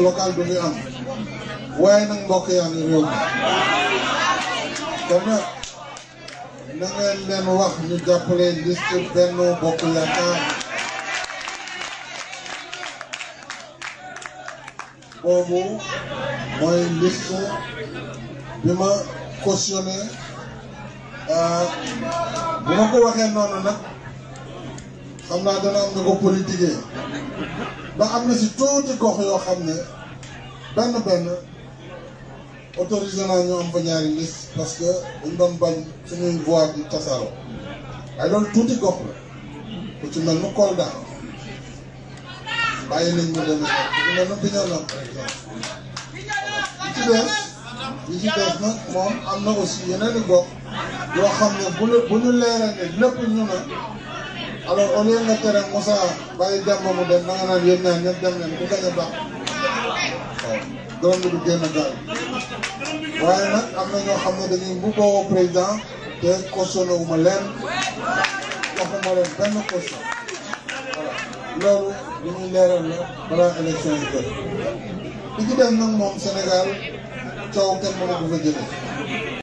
local du ñu am waaye nag mbokk yaa ngi réew mi kon nag na ngeen leen wax ñu Bokk Yaakaar boobu mooy liste bi ma cautionné euh, bu ma ko waxee noonu nag xam naa dana am nga ko politiqué ba am na si tuuti gox yoo xam ne benn benn autorisé naa ñu am fa ñaari liste parce que dañ doon bañ suñuy voix di tasaaroo waaye loolu tuuti gox la ku ci mel ni Kolda bàyyi nañ mu demee ak ku ci mel ni Bignona par ci des li ci des nag moom am na aussi yeneen i gox yoo xam ne bu ñu bu ñu leeral ne lépp ñu ne. alors au lieu nga tere Moussa bàyyi jàmm mu dem ba nga naan yéen ñaar ñëpp dem leen ku gañ baax doom bi du génn gaal waaye nag am na ñoo xam ne dañuy mbubboo président te cautionné wu ma leen waxuma leen benn caution voilà loolu li ñuy leeral nag moom Sénégal coow kenn mënu ko fa jëlee